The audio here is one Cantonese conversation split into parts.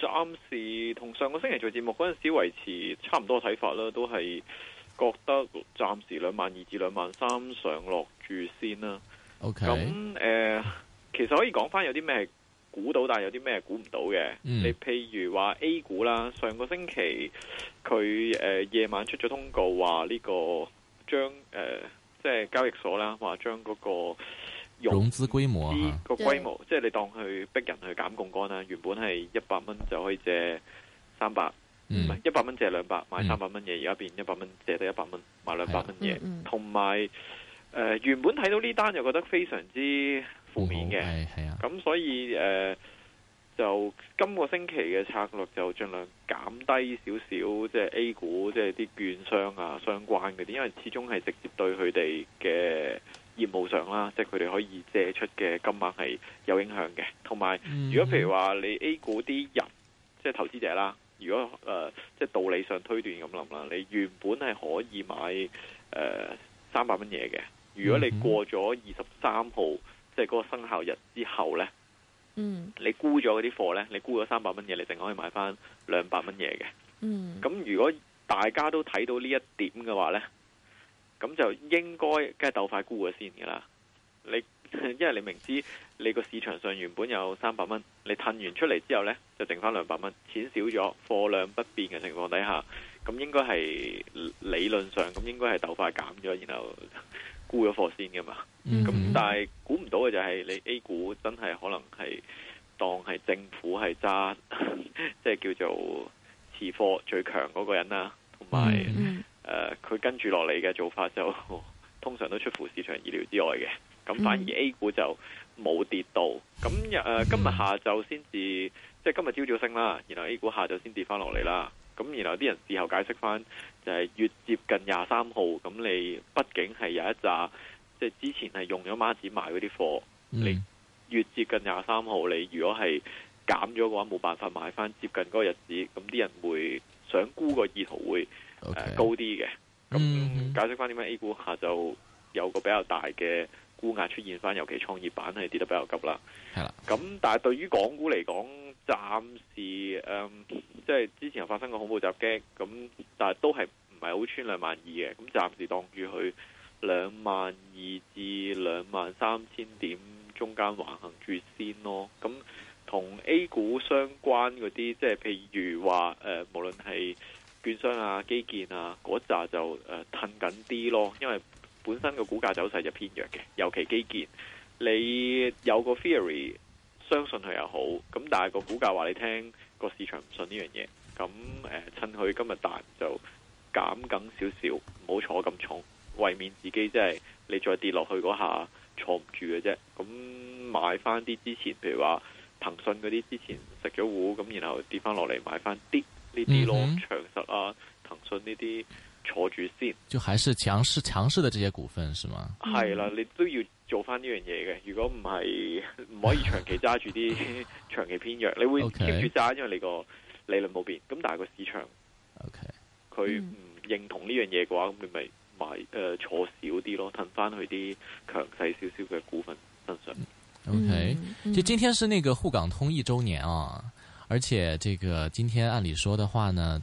暫時同上個星期做節目嗰陣時維持差唔多睇法啦，都係覺得暫時兩萬二至兩萬三上落住先啦。OK，咁誒、呃、其實可以講翻有啲咩估到，但係有啲咩估唔到嘅、嗯。你譬如話 A 股啦，上個星期佢誒、呃、夜晚出咗通告話呢、這個將誒即係交易所啦，話將嗰、那個。融資規模吓，個規模即係你當佢逼人去減槓桿啦。原本係一百蚊就可以借三百，嗯，唔係一百蚊借兩百買三百蚊嘢，而、嗯、家變一百蚊借得一百蚊買兩百蚊嘢。同埋誒，原本睇到呢單又覺得非常之負面嘅，係啊。咁所以誒、呃，就今個星期嘅策略就盡量減低少少，即、就、係、係、A 股，即係啲券商啊，相關嗰啲，因為始終係直接對佢哋嘅。業務上啦，即係佢哋可以借出嘅金額係有影響嘅。同埋，如果譬如話你 A 股啲人，mm -hmm. 即係投資者啦，如果誒、呃、即係道理上推斷咁諗啦，你原本係可以買誒三百蚊嘢嘅，如果你過咗二十三號，即係嗰個生效日之後呢，mm -hmm. 你沽咗嗰啲貨呢，你沽咗三百蚊嘢，你淨可以買翻兩百蚊嘢嘅。嗯，咁如果大家都睇到呢一點嘅話呢。咁就應該梗係鬥快沽咗先噶啦！你因為你明知你個市場上原本有三百蚊，你褪完出嚟之後呢，就剩翻兩百蚊，錢少咗，貨量不變嘅情況底下，咁應該係理論上咁應該係鬥快減咗，然後沽咗貨先噶嘛。咁、mm -hmm. 但係估唔到嘅就係你 A 股真係可能係當係政府係揸，即 係叫做持貨最強嗰個人啦，同埋。Mm -hmm. 誒、呃、佢跟住落嚟嘅做法就通常都出乎市場意料之外嘅，咁反而 A 股就冇跌到。咁誒、呃、今日下晝先至，即係今日朝早升啦，然後 A 股下晝先跌翻落嚟啦。咁然後啲人事後解釋翻，就係、是、越接近廿三號，咁你畢竟係有一紮，即、就、係、是、之前係用咗孖子買嗰啲貨，你越接近廿三號，你如果係減咗嘅話，冇辦法買翻接近嗰個日子，咁啲人會想沽個意圖會。Okay. 啊、高啲嘅，咁、mm -hmm. 解釋翻點解 A 股下就有個比較大嘅沽壓出現翻，尤其創業板係跌得比較急啦。係、yeah. 啦，咁但係對於港股嚟講，暫時誒、即、嗯、係、就是、之前發生過恐怖襲擊，咁但係都係唔係好穿兩萬二嘅，咁暫時當住佢兩萬二至兩萬三千點中間橫行住先咯。咁同 A 股相關嗰啲，即係譬如話誒、呃，無論係。券商啊，基建啊，嗰扎就誒褪緊啲咯，因為本身個股價走勢就偏弱嘅。尤其基建，你有個 theory 相信佢又好，咁但係個股價話你聽個市場唔信呢樣嘢，咁誒趁佢今日彈就減緊少少，唔好坐咁重，為免自己即係你再跌落去嗰下坐唔住嘅啫。咁買翻啲之前，譬如話騰訊嗰啲之前食咗糊，咁，然後跌翻落嚟買翻啲呢啲咯，呢啲坐住先，就還是強勢強勢的這些股份是嗎？係啦，你都要做翻呢樣嘢嘅。如果唔係，唔可以長期揸住啲長期偏弱，你會 keep 住揸，因、okay. 為你個理論冇變。咁但係個市場，OK，佢唔認同呢樣嘢嘅話，咁你咪賣誒坐少啲咯，騰翻去啲強勢少少嘅股份身上。OK，就、嗯嗯、今天是那個滬港通一周年啊，而且這個今天按理說的話呢？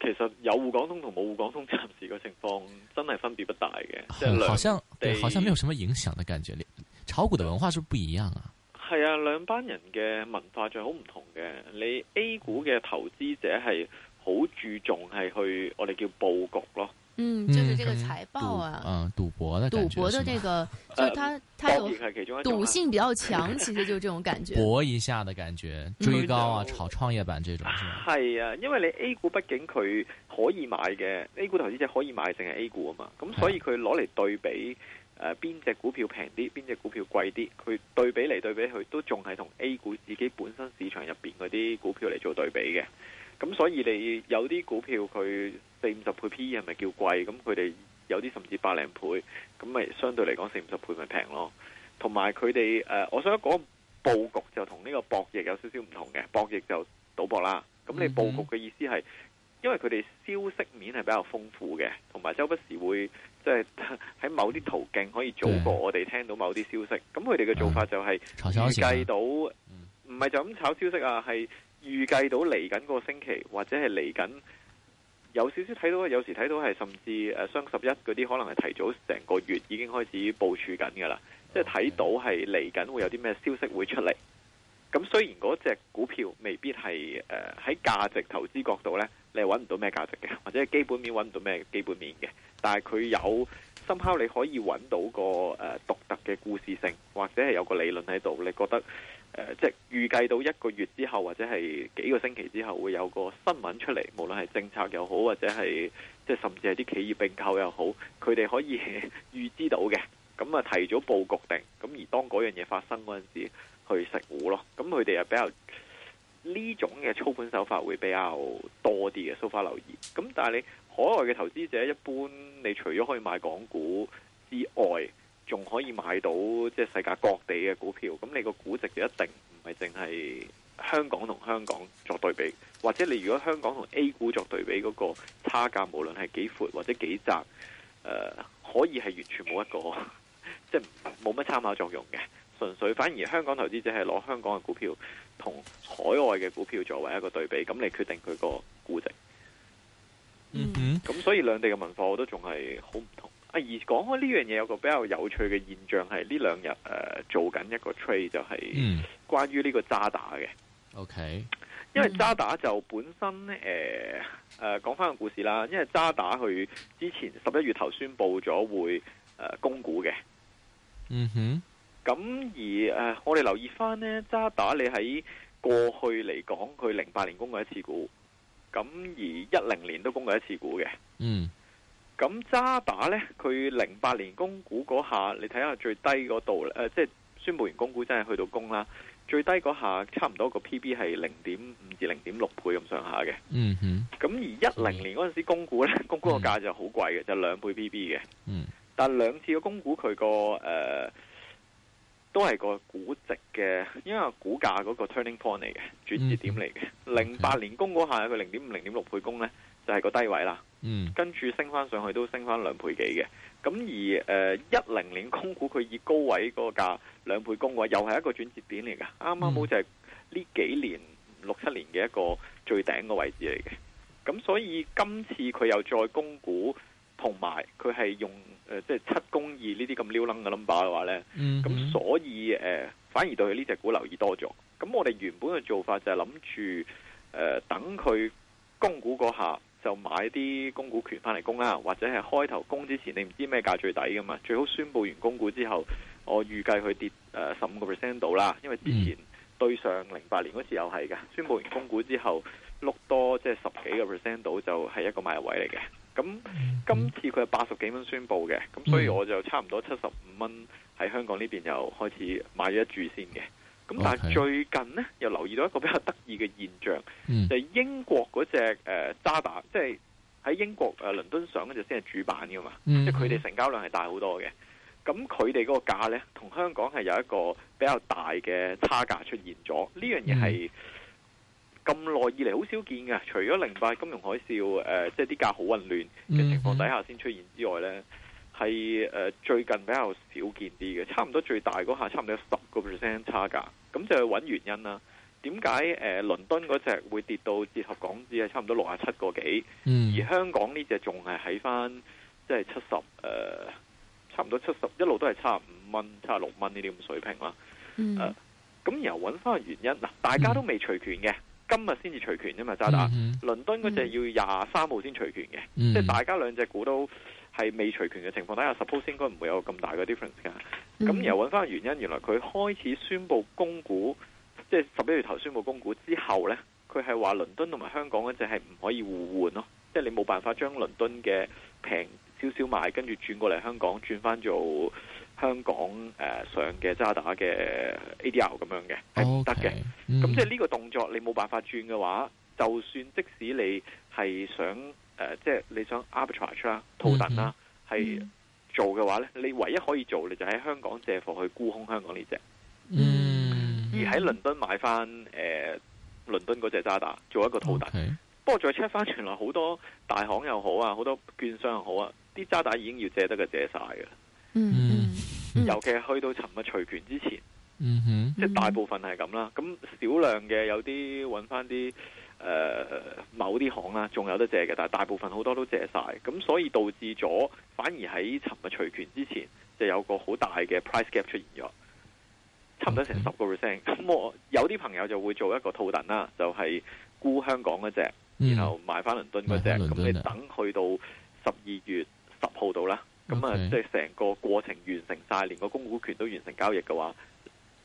其實有滬港通同冇滬港通暫時個情況真係分別不大嘅，即係兩對，好像沒有什麼影響嘅感覺。你炒股的文化是不，是不一樣啊，係啊，兩班人嘅文化就好唔同嘅。你 A 股嘅投資者係好注重係去我哋叫布局咯。嗯，就是這個財報啊，嗯，賭，嗯，賭博的賭博的這個，就它它有賭性比較強，其實就這種感覺，搏一下的感覺，追高啊，嗯，炒創業板這種。係啊，因為你 A 股畢竟佢可以買嘅，A 股投資者可以買淨係 A 股啊嘛，咁所以佢攞嚟對比誒邊隻股票平啲，邊隻股票貴啲，佢對比嚟對比去，都仲係同 A 股自己本身市場入邊嗰啲股票嚟做對比嘅，咁所以你有啲股票佢。四五十倍 PE 係咪叫貴？咁佢哋有啲甚至百零倍，咁咪相對嚟講四五十倍咪平咯。同埋佢哋誒，我想講佈局就同呢個博弈有少少唔同嘅。博弈就賭博啦。咁你佈局嘅意思係因為佢哋消息面係比較豐富嘅，同埋周不時會即係喺某啲途徑可以早過我哋聽到某啲消息。咁佢哋嘅做法就係預計到，唔係就咁炒消息啊，係預計到嚟緊個星期或者係嚟緊。有少少睇到，有時睇到係甚至誒雙十一嗰啲，可能係提早成個月已經開始部署緊噶啦。即係睇到係嚟緊會有啲咩消息會出嚟。咁雖然嗰隻股票未必係誒喺價值投資角度咧，你係揾唔到咩價值嘅，或者基本面揾唔到咩基本面嘅，但係佢有深刻，你可以揾到個誒獨特嘅故事性，或者係有個理論喺度，你覺得。誒、呃，即係預計到一個月之後，或者係幾個星期之後，會有個新聞出嚟，無論係政策又好，或者係即係甚至係啲企業並購又好，佢哋可以預知到嘅，咁啊提早佈局定，咁而當嗰樣嘢發生嗰陣時，去食糊咯。咁佢哋又比較呢種嘅操盤手法會比較多啲嘅，so far 留意。咁、嗯、但係你海外嘅投資者一般，你除咗可以買港股之外，仲可以買到即係、就是、世界各地嘅股票，咁你個估值，就一定唔係淨係香港同香港作對比，或者你如果香港同 A 股，作對比嗰、那個、差價無論係幾闊或者幾窄，誒、呃、可以係完全冇一個即係冇乜參考作用嘅，純粹反而香港投資者係攞香港嘅股票同海外嘅股票作為一個對比，咁你決定佢個估值。嗯哼，咁所以兩地嘅文化我都仲係好唔同。啊！而講開呢樣嘢，有個比較有趣嘅現象係呢兩日誒做緊一個 trade 就係關於呢個渣打嘅。OK，因為渣打就本身誒誒講翻個故事啦，因為渣打佢之前十一月頭宣布咗會誒供、呃、股嘅。嗯、mm、哼 -hmm.。咁而誒、呃，我哋留意翻呢，渣打你喺過去嚟講，佢零八年供過一次股，咁而一零年都供過一次股嘅。嗯、mm -hmm.。咁渣打咧，佢零八年供股嗰下，你睇下最低嗰度，誒、呃，即係宣布完供股真係去到供啦。最低嗰下差唔多個 P B 係零點五至零點六倍咁上下嘅。嗯。咁而一零年嗰陣時供股咧，供、嗯、股個價就好貴嘅，就兩、是、倍 P B 嘅。嗯。但兩次嘅供股佢個誒，都係個估值嘅，因為股價嗰個 turning point 嚟嘅，轉折點嚟嘅。零、嗯、八年供嗰下佢零點五、零點六倍供咧，就係、是、個低位啦，跟、嗯、住升翻上去都升翻兩倍幾嘅。咁而一零、呃、年供股，佢以高位嗰個價兩倍供嘅話，又係一個轉折點嚟嘅。啱啱好就係呢幾年六七年嘅一個最頂個位置嚟嘅。咁所以今次佢又再供股，同埋佢係用即係、呃就是、七公二呢啲咁撩愣嘅 number 嘅話咧，咁、嗯、所以、呃、反而對佢呢隻股留意多咗。咁我哋原本嘅做法就係諗住等佢供股嗰下。就買啲供股權翻嚟供啦，或者係開頭供之前，你唔知咩價最抵噶嘛？最好宣佈完供股之後，我預計佢跌誒十五個 percent 度啦。因為之前、嗯、對上零八年嗰時又係噶，宣佈完供股之後，碌多即係十幾個 percent 度就係一個買入位嚟嘅。咁今次佢係八十幾蚊宣佈嘅，咁所以我就差唔多七十五蚊喺香港呢邊又開始買咗一注先嘅。咁但係最近呢，又留意到一個比較得意嘅現象，嗯、就係、英國嗰隻渣打，即係喺英國誒、呃、倫敦上嗰隻先係主板噶嘛，即係佢哋成交量係大好多嘅。咁佢哋嗰個價呢，同香港係有一個比較大嘅差價出現咗。呢、嗯、樣嘢係咁耐以嚟好少見嘅，除咗零八金融海嘯，即係啲價好混亂嘅情況底下先出現之外呢。嗯嗯係誒、呃，最近比較少見啲嘅，差唔多最大嗰下，差唔多十個 percent 差價，咁就去揾原因啦。點解誒倫敦嗰隻會跌到折合港紙係差唔多六啊七個幾、嗯，而香港呢隻仲係喺翻即係七十誒，差唔多七十一路都係七啊五蚊、七啊六蚊呢啲咁水平啦。誒、嗯、咁、呃、然後揾翻原因嗱，大家都未除權嘅，今日先至除權啫嘛，渣打倫敦嗰隻要廿三號先除權嘅，即係大家兩隻股都。係未除權嘅情況，睇下 suppose 應該唔會有咁大嘅 difference 嘅。咁、嗯、然後揾翻個原因，原來佢開始宣布供股，即係十一月頭宣布供股之後呢，佢係話倫敦同埋香港嗰隻係唔可以互換咯，即係你冇辦法將倫敦嘅平少少買，跟住轉過嚟香港轉翻做香港誒上嘅渣打嘅 ADR 咁樣嘅，係唔得嘅。咁即係呢個動作你冇辦法轉嘅話，就算即使你係想。誒，即係你想 arbitrage 啦、套戥啦，係、mm -hmm. 做嘅話咧，你唯一可以做嘅就喺香港借貨去沽空香港呢隻，而喺倫敦買翻誒倫敦嗰隻渣打做一個套戥。Okay. 不過再 check 翻，原來好多大行又好啊，好多券商又好啊，啲渣打已經要借得嘅借晒嘅。嗯、mm -hmm.，尤其係去到尋日除權之前，mm -hmm. 即係大部分係咁啦。咁少量嘅有啲揾翻啲。誒、呃、某啲行啦，仲有得借嘅，但係大部分好多都借晒，咁所以導致咗反而喺尋日除權之前就有個好大嘅 price gap 出現咗，差唔多成十個 percent。咁我有啲朋友就會做一個套戥啦，就係、是、沽香港嗰隻、嗯，然後買翻倫敦嗰隻，咁、嗯、你等去到十二月十號度啦，咁啊即係成個過程完成晒，連個公股權都完成交易嘅話。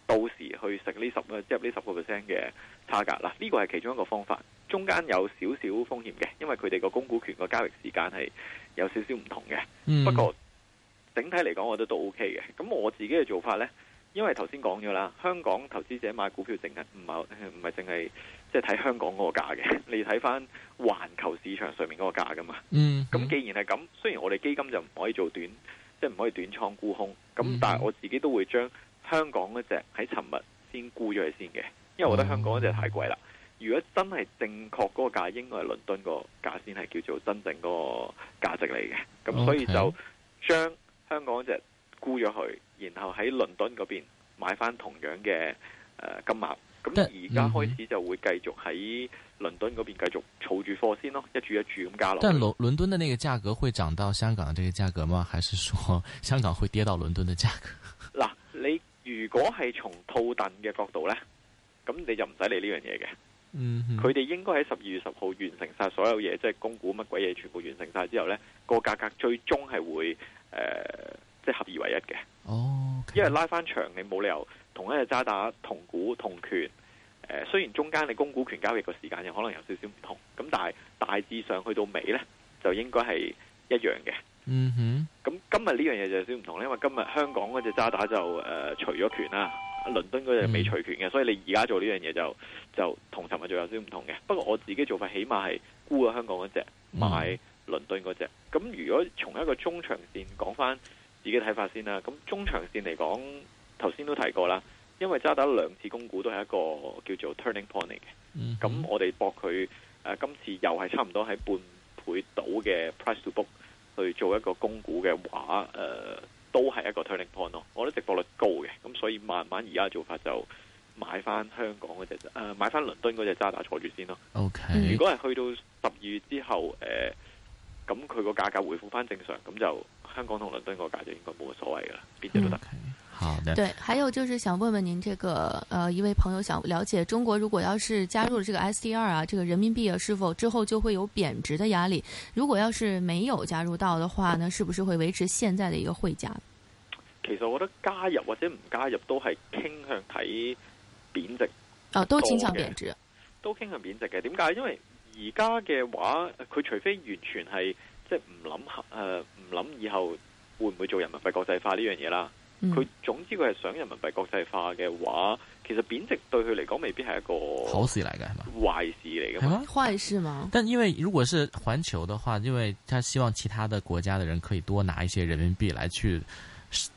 到時去食呢十即係呢十個 percent 嘅差價啦，呢個係其中一個方法。中間有少少風險嘅，因為佢哋個供股權個交易時間係有少少唔同嘅。Mm -hmm. 不過整體嚟講，我覺得都 OK 嘅。咁我自己嘅做法呢，因為頭先講咗啦，香港投資者買股票淨係唔係唔係淨係即係睇香港嗰個價嘅，你睇翻環球市場上面嗰個價噶嘛。嗯，咁既然係咁，雖然我哋基金就唔可以做短，即係唔可以短倉沽空，咁、mm -hmm. 但係我自己都會將。香港嗰隻喺尋日先沽咗佢先嘅，因為我覺得香港嗰隻太貴啦，哦。如果真係正，正確嗰個價，應該係倫敦個價先係叫做真正嗰個價值嚟嘅。咁，哦，所以就將香港嗰隻沽咗佢，然後喺倫敦嗰邊買翻同樣嘅誒金額。咁而家開始就會繼續喺倫敦嗰邊繼續儲住貨先咯，一注一注咁加落。但係倫倫敦嘅呢個價格會漲到香港嘅這個價格嗎？還是說香港會跌到倫敦嘅價格？如果係從套戥嘅角度呢，咁你就唔使理呢樣嘢嘅。嗯，佢哋應該喺十二月十號完成晒所有嘢，即係供股乜鬼嘢，全部完成晒之後呢，個價格最終係會即係、呃即係、合二為一嘅。哦、oh, okay.，因為拉翻長你冇理由同一隻渣打同股同權。誒、呃，雖然中間你供股權交易嘅時間有可能有少少唔同，咁但係大致上去到尾呢，就應該係一樣嘅。嗯哼。咁今日呢樣嘢就有少唔同咧，因為今日香港嗰隻渣打就、呃、除咗權啦，倫敦嗰隻未除權嘅，所以你而家做呢樣嘢就就做同尋日就有少唔同嘅。不過我自己做法起碼係沽香港嗰隻，買倫敦嗰隻。咁如果從一個中長線講翻自己睇法先啦，咁中長線嚟講，頭先都提過啦，因為渣打兩次供股都係一個叫做 turning point 嘅。咁、嗯、我哋博佢、呃、今次又係差唔多喺半倍到嘅 price to book。去做一個供股嘅話，誒、呃、都係一個 turning point 咯。我覺得值博率高嘅，咁所以慢慢而家做法就買翻香港嗰隻，誒、呃、買翻倫敦嗰隻渣打坐住先咯。OK，如果係去到十二月之後誒咁佢個價格回復翻正常，咁就香港同倫敦個價就應該冇乜所謂㗎喇，邊隻都得。Okay. 對，還有就是想問問您，這個，呃，一位朋友想了解，中國如果要是加入了這個 SDR 啊，這個人民幣啊，是否之後就會有貶值的壓力？如果要是沒有加入到的話，呢，是不是會維持現在的一個匯價？其實我覺得加入或者唔加入都係傾向睇貶值，哦、啊，都傾向貶值，都傾向貶值嘅。點解？因為而家嘅話，佢除非完全係即係唔諗，誒唔諗以後會唔會做人民幣國際化呢樣嘢啦。佢、嗯、總之佢係想人民幣國際化嘅話，其實貶值對佢嚟講未必係一個壞事來嘅，好事嚟嘅，係嘛？壞事嚟嘅，係嘛？壞事嘛！但因為如果是環球嘅話，因為他希望其他的國家嘅人可以多拿一些人民幣嚟去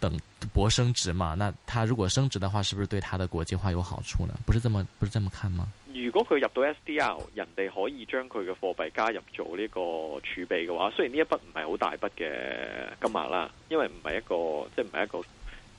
等博升值嘛。那他如果升值嘅話，是不是對他的國際化有好處呢？不是咁樣，不是咁樣看嗎？如果佢入到 SDR 人哋可以將佢嘅貨幣加入做呢個儲備嘅話，雖然呢一筆唔係好大筆嘅金額啦，因為唔係一個即係唔係一個。就是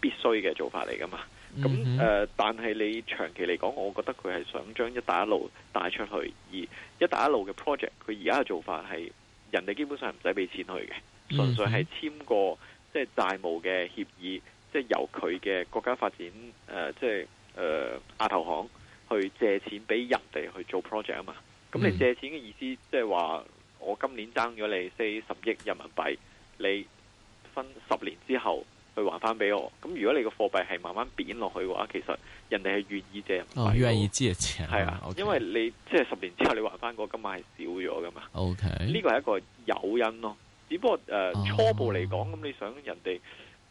必須嘅做法嚟㗎嘛？咁誒、mm -hmm. 呃，但係你長期嚟講，我覺得佢係想將一帶一路帶出去。而一帶一路嘅 project，佢而家嘅做法係人哋基本上唔使俾錢去嘅，純粹係簽個即係債務嘅協議，即、就、係、是、由佢嘅國家發展誒，即係誒亞投行去借錢俾人哋去做 project 啊嘛。咁你借錢嘅意思就是說，即係話我今年爭咗你四十億人民幣，你分十年之後。還翻俾我咁，如果你個貨幣係慢慢貶落去嘅話，其實人哋係願意借，願、哦、意借錢係啊、okay，因為你即係、就是、十年之後你還翻個金額係少咗噶嘛。OK，呢個係一個誘因咯，只不過誒、呃哦、初步嚟講，咁你想人哋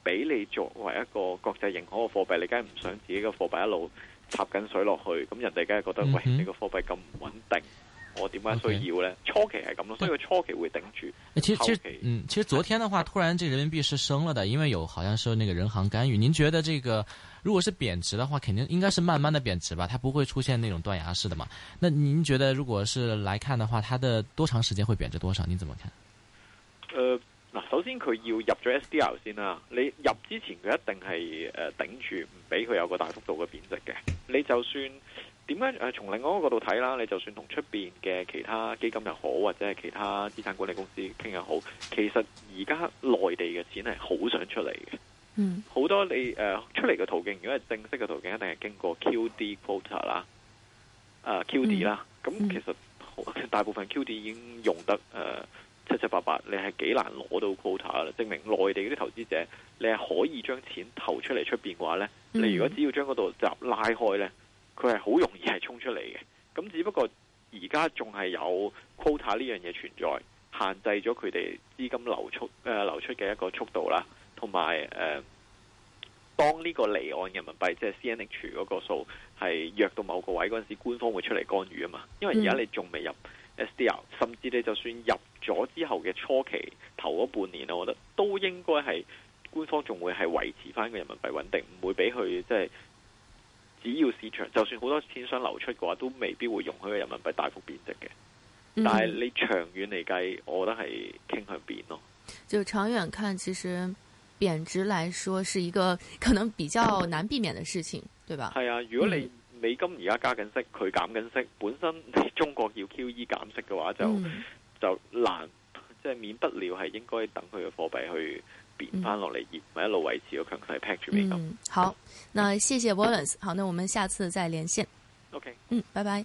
俾你作為一個國際認可嘅貨幣，你梗係唔想自己嘅貨幣一路插緊水落去，咁人哋梗係覺得、嗯、喂你個貨幣咁唔穩定。我點解需要呢？Okay. 初期係咁咯，所以佢初期會頂住。其實其實，嗯，其實昨天的話，突然這人民幣是升了的，因為有好像是那個人行干預。您覺得這個如果是貶值的話，肯定應該是慢慢的貶值吧？它不會出現那種斷崖式的嘛？那您覺得如果是來看的話，它的多長時間會貶值多少？您怎麼看？誒，嗱，首先佢要入咗 SDR 先啦。你入之前佢一定係誒頂住，唔俾佢有個大幅度嘅貶值嘅。你就算。點解？誒，從另外一個角度睇啦，你就算同出邊嘅其他基金又好，或者係其他資產管理公司傾又好，其實而家內地嘅錢係好想出嚟嘅。嗯，好多你誒、呃、出嚟嘅途徑，如果係正式嘅途徑，一定係經過 QD quota 啦，啊、呃、QD 啦。咁、嗯、其實大部分 QD 已經用得誒、呃、七七八八，你係幾難攞到 quota 啦。證明內地嗰啲投資者，你係可以將錢投出嚟出邊嘅話咧、嗯，你如果只要將嗰度閘拉開咧。佢係好容易係衝出嚟嘅，咁只不過而家仲係有 quota 呢樣嘢存在，限制咗佢哋資金流出誒、呃、流出嘅一個速度啦，同埋誒當呢個離岸人民幣即係、就是、CNH 嗰個數係弱到某個位嗰陣時候，官方會出嚟干預啊嘛。因為而家你仲未入 SDR，嗯、甚至你就算入咗之後嘅初期頭嗰半年，我覺得都應該係官方仲會係維持返個人民幣穩定，唔會俾佢即係。就是只要市場就算好多錢想流出嘅話，都未必會容許個人民幣大幅貶值嘅、嗯。但係你長遠嚟計，我覺得係傾向貶咯。就長遠看，其實貶值來說是一個可能比較難避免的事情，對吧？係啊，如果你美金而家加緊息，佢減緊息，本身你中國要 QE 減息嘅話，就、嗯、就難即係、就是、免不了係應該等佢嘅貨幣去。變翻落嚟，而唔係一路維持個強勢 peg 住咁。好，那謝謝 Wallace，好，那我們下次再連線。OK，嗯，拜拜。